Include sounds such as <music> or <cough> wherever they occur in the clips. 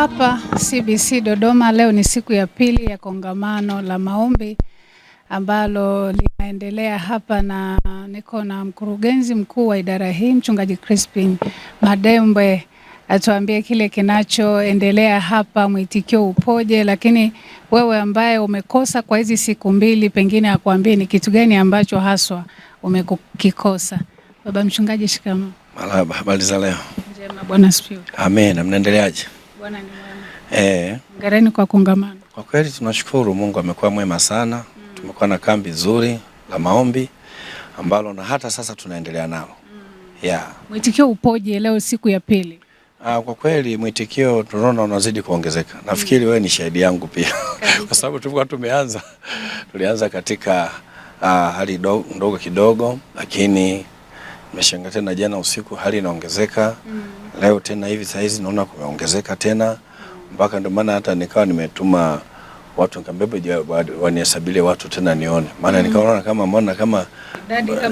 hapa CBC Dodoma. Leo ni siku ya pili ya kongamano la maombi ambalo linaendelea hapa, na niko na mkurugenzi mkuu wa idara hii Mchungaji Crispin Madembe atuambie kile kinachoendelea hapa, mwitikio upoje? Lakini wewe ambaye umekosa kwa hizi siku mbili, pengine akuambie ni kitu gani ambacho haswa umekikosa. Baba mchungaji, shikamoo. Marahaba, habari za leo? Njema, Bwana asifiwe. Amen. Mnaendeleaje? Bwana ni mwema. Eh. Ngareni kwa kongamano. Kwa kweli tunashukuru Mungu amekuwa mwema sana. Mm. Tumekuwa na kambi nzuri la maombi ambalo na hata sasa tunaendelea nalo. Mm. Yeah. Mwitikio upoje leo siku ya pili? Ah, kwa kweli mwitikio tunaona unazidi kuongezeka. Mm. Nafikiri mm. wewe ni shahidi yangu pia. <laughs> Kwa sababu tulikuwa tumeanza tulianza katika ah, hali ndogo kidogo lakini Nimeshangaa tena jana usiku hali inaongezeka mm. Leo tena hivi saa hizi naona kumeongezeka tena mpaka mm. Ndio maana hata nikawa nimetuma watu nikambebe wanihesabile watu tena nione, maana mm. nikaona kama mbona kama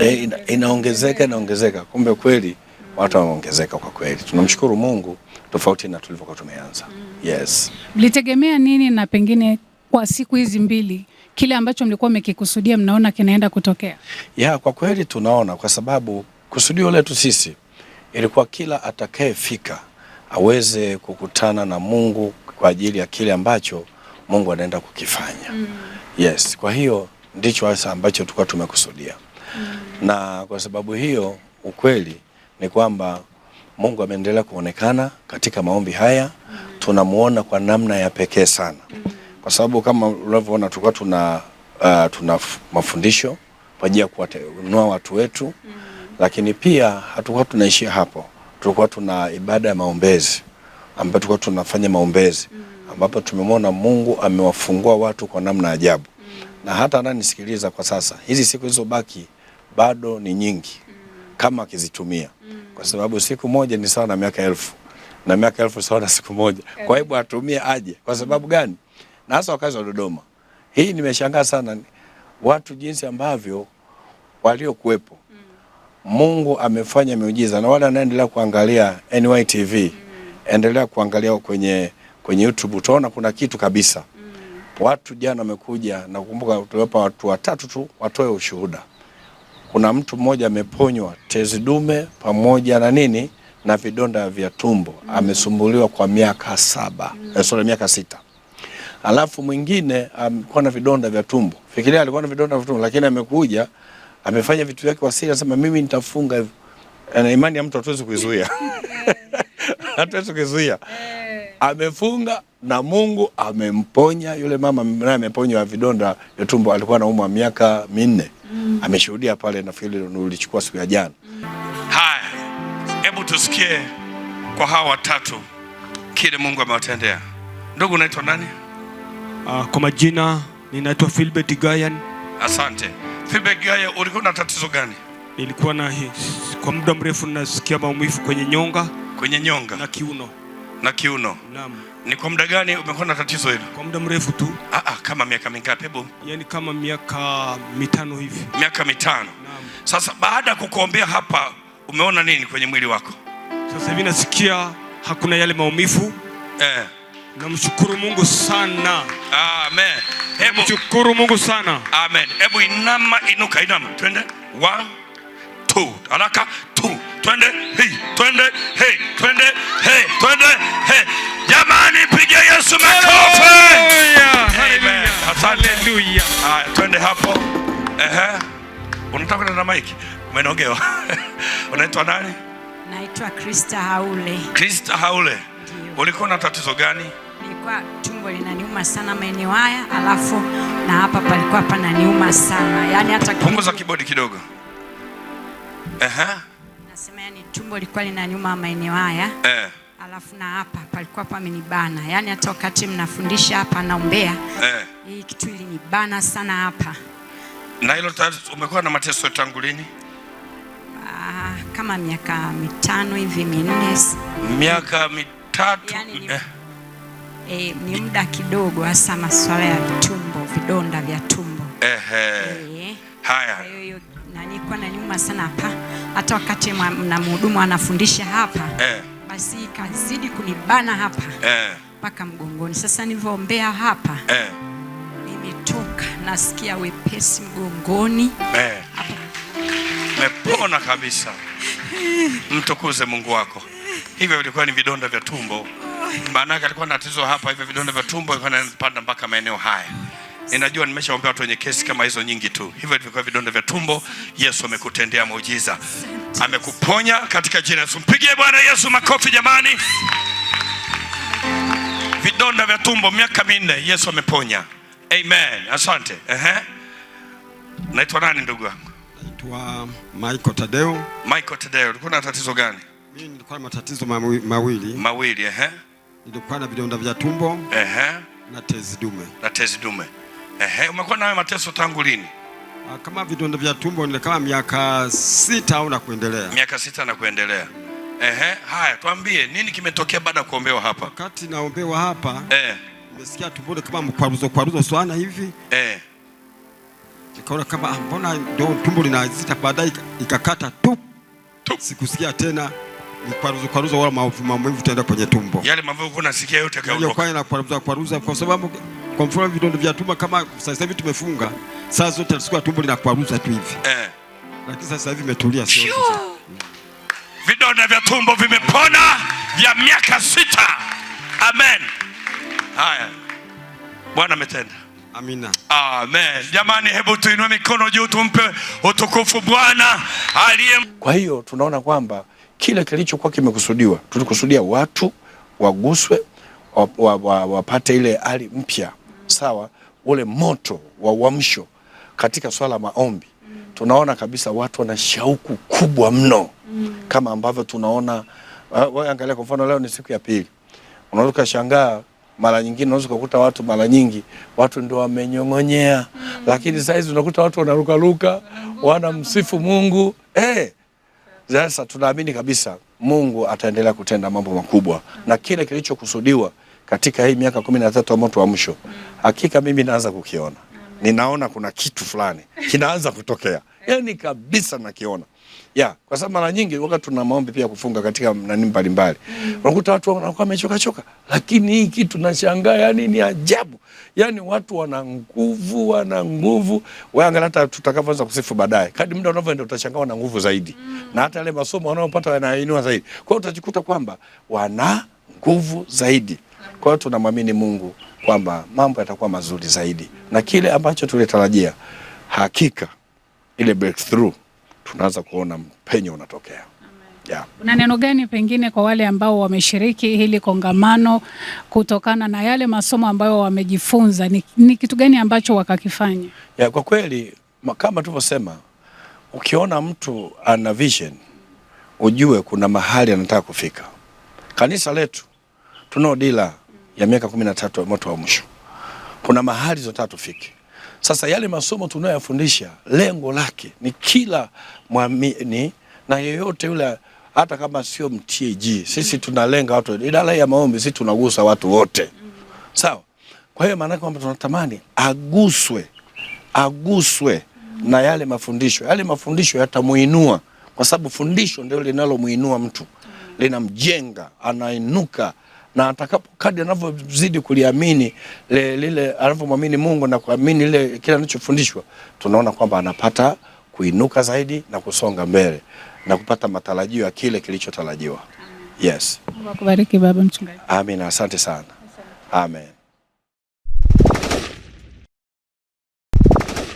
eh, inaongezeka inaongezeka, kumbe kweli mm. watu wameongezeka kwa kweli. Tunamshukuru Mungu tofauti na tulivyokuwa tumeanza mm. Yes. Mlitegemea nini na pengine kwa siku hizi mbili kile ambacho mlikuwa mmekikusudia mnaona kinaenda kutokea? Ya, kwa kweli tunaona kwa sababu Kusudio letu sisi ilikuwa kila atakayefika aweze kukutana na Mungu kwa ajili ya kile ambacho Mungu anaenda kukifanya. Mm. Yes, kwa hiyo ndicho hasa ambacho tulikuwa tumekusudia. Mm. Na kwa sababu hiyo ukweli ni kwamba Mungu ameendelea kuonekana katika maombi haya. Mm. Tunamuona kwa namna ya pekee sana. Mm. Kwa sababu kama unavyoona tulikuwa tuna uh, tuna mafundisho kwa ajili ya kuwainua watu wetu. Mm. Lakini pia hatukuwa tunaishia hapo, tulikuwa tuna ibada ya maombezi ambapo tulikuwa tunafanya maombezi mm. ambapo tumemwona Mungu amewafungua watu kwa namna ajabu, mm. na hata ananisikiliza kwa sasa. Hizi siku zilizobaki bado ni nyingi mm. kama akizitumia, kwa sababu siku moja ni sawa na miaka elfu na miaka elfu sawa na siku moja. Eh. Kwa hebu atumie aje. Kwa sababu gani? Na hasa wakazi wa Dodoma, hii nimeshangaa sana watu jinsi ambavyo waliokuwepo Mungu amefanya miujiza, na wale wanaendelea kuangalia NY TV, mm. endelea kuangalia kwenye, kwenye YouTube utaona kuna kitu kabisa. mm. Watu jana wamekuja na kukumbuka, tuliwapa watu watatu tu watoe ushuhuda. Kuna mtu mmoja ameponywa tezi dume pamoja na nini na vidonda vya tumbo, mm. amesumbuliwa kwa miaka saba mm. eh, sorry miaka sita alafu mwingine alikuwa um, na vidonda vya tumbo. Fikiria alikuwa na vidonda vya tumbo lakini amekuja amefanya vitu vyake kwa siri, anasema mimi nitafunga hivyo, ana imani ya mtu hatuwezi kuizuia <laughs> <laughs> hatuwezi kuizuia eh. amefunga na Mungu amemponya yule mama, naye ameponywa vidonda ya tumbo. Alikuwa anaumwa miaka minne mm. Ameshuhudia pale, nafikiri ulichukua siku ya jana mm. Haya, hebu tusikie kwa hawa watatu kile Mungu amewatendea. Ndugu, unaitwa nani? Uh, kwa majina ninaitwa Philbert Gayan. Asante. Vimegayo, ulikuwa na tatizo gani? Nilikuwa na kwa muda mrefu nasikia maumivu kwenye nyonga, kwenye nyonga na kiuno, na kiuno. Naam. Ni kwa muda gani umekuwa na tatizo hilo? Kwa muda mrefu tu. Ah ah, kama miaka mingapi hebu? yani kama miaka mitano hivi. Miaka mitano. Naam. Sasa baada ya kukuombea hapa umeona nini kwenye mwili wako? Sasa hivi nasikia hakuna yale maumivu. Eh. Namshukuru Mungu sana. Amen. Hebu shukuru Mungu sana. Amen. Hebu inama, inuka, inama. Twende. 1 2. Haraka. 2. Twende. Hey, Twende. Hey, Twende. Hey, Twende. Hey. Jamani, pige Yesu makofi. Haleluya. Haleluya. Ah, twende hapo. Ehe. Unataka kwenda na mike? Umenongewa. <laughs> Unaitwa nani? Naitwa Krista Haule. Krista Haule. Ulikuwa na tatizo gani? nilikuwa tumbo linaniuma sana maeneo haya, alafu na hapa palikuwa pananiuma sana yani, hata punguza kibodi kidogo. Ehe, nasema yani tumbo lilikuwa linaniuma maeneo haya eh. Alafu na hapa palikuwa pamenibana yani, hata wakati mnafundisha hapa naombea eh. Hii kitu ilinibana sana hapa. Na hilo umekuwa na mateso tangu lini? Ah, kama miaka mitano hivi minne. Miaka mitatu yani, eh e, ni muda kidogo, hasa masuala ya tumbo, vidonda vya tumbo ehe. E, Haya, nilikuwa na nyuma sana hapa, hata wakati mna mhudumu anafundisha hapa eh, basi ikazidi kunibana hapa e. mpaka eh, mgongoni. Sasa nilivyoombea hapa eh, nimetoka nasikia wepesi mgongoni eh, mepona kabisa. <laughs> Mtukuze Mungu wako. Hivyo vilikuwa ni vidonda vya tumbo maana alikuwa na tatizo hapa hivi, vidonda vya tumbo ilikuwa mpaka maeneo haya. Ninajua nimeshaombea watu wenye kesi kama hizo nyingi tu, hivyo vilikuwa vidonda vya tumbo. Yesu amekutendea muujiza, amekuponya katika jina Yesu. Mpigie Bwana Yesu makofi jamani. Vidonda vya tumbo miaka minne, Yesu ameponya. Amen, asante. Ehe, naitwa nani ndugu yangu? Naitwa Michael Tadeo. Michael Tadeo, ulikuwa na tatizo gani? Mimi nilikuwa na matatizo mawili mawili. Ehe nilikuwa na vidonda vya tumbo ehe, na tezi dume na tezi dume ehe. Umekuwa nayo mateso tangu lini? Ah, kama vidonda vya tumbo ni kama miaka sita au na kuendelea, miaka sita na kuendelea. Ehe, haya, tuambie nini kimetokea baada ya kuombewa hapa? Wakati naombewa hapa eh, nimesikia tumboni kama mkwaruzo kwaruzo sana hivi eh, nikaona kama ah, mbona ndio tumbo linazita, baadaye ikakata tu. Sikusikia tena Kwaruza kwaruza wala maovu maovu kwenye tumbo. Yale yote yaani Kwa kwaruza kwaruza kwa sababu kwa mfano vidonda vya tumbo kama sasa hivi tumefunga saa zote tumbo linakwaruza tu hivi. Eh. Lakini sasa hivi imetulia sio. Vidonda vya tumbo vimepona vya miaka sita. Amen. Haya. Bwana ametenda. Amina. Amen. Jamani, hebu tuinue mikono juu tumpe utukufu Bwana aliye. Kwa hiyo tunaona kwamba kile kilichokuwa kimekusudiwa. Tulikusudia watu waguswe, wapate ile hali mpya, sawa, ule moto wa uamsho katika swala maombi. Tunaona kabisa watu wana shauku kubwa mno, kama ambavyo tunaona ah, wewe. Angalia kwa mfano, leo ni siku ya pili, unaweza ukashangaa mara nyingine unaweza kukuta watu mara nyingi watu ndio wamenyong'onyea, mm. Lakini saizi unakuta watu wanarukaruka, wanamsifu Mungu eh. Sasa tunaamini kabisa Mungu ataendelea kutenda mambo makubwa na kile kilichokusudiwa katika hii miaka kumi na tatu moto wa mwisho, hakika mimi naanza kukiona, ninaona kuna kitu fulani kinaanza kutokea, yani kabisa nakiona. Yeah, kwa sababu mara nyingi wakati tuna maombi pia kufunga katika nani mbalimbali. Mm. Unakuta watu wanakuwa wamechoka choka, lakini hii kitu nashangaa, yani ni ajabu. Yaani watu wana nguvu, wana nguvu. Wewe angalia hata tutakapoanza kusifu baadaye. Kadri muda unavyoenda utashangaa wana nguvu zaidi. Mm. Na hata yale masomo wanayopata yanainua zaidi. Kwa hiyo utajikuta kwamba wana nguvu zaidi. Kwa hiyo tunamwamini Mungu kwamba mambo yatakuwa mazuri zaidi. Na kile ambacho tulitarajia hakika ile breakthrough tunaanza kuona mpenyo unatokea. Yeah. Una neno gani pengine kwa wale ambao wameshiriki hili kongamano kutokana na yale masomo ambayo wamejifunza, ni, ni kitu gani ambacho wakakifanya? Yeah, kwa kweli kama tulivyosema, ukiona mtu ana vision ujue kuna mahali anataka kufika. Kanisa letu tunao dira ya miaka kumi na tatu moto wa mwisho, kuna mahali tunataka tufike sasa yale masomo tunayoyafundisha lengo lake ni kila mwamini na yeyote yule hata kama sio mtg, sisi tunalenga watu. Idara ya maombi sisi tunagusa watu wote, sawa? Kwa hiyo maana kwamba tunatamani aguswe, aguswe na yale mafundisho. Yale mafundisho yatamuinua, kwa sababu fundisho ndio linalomuinua mtu, linamjenga, anainuka na atakapo kadri anavyozidi kuliamini lile, anavyomwamini Mungu na kuamini lile kile anachofundishwa, tunaona kwamba anapata kuinuka zaidi na kusonga mbele na kupata matarajio ya kile kilichotarajiwa. Yes. Mungu akubariki baba mchungaji. asante sana. Amen.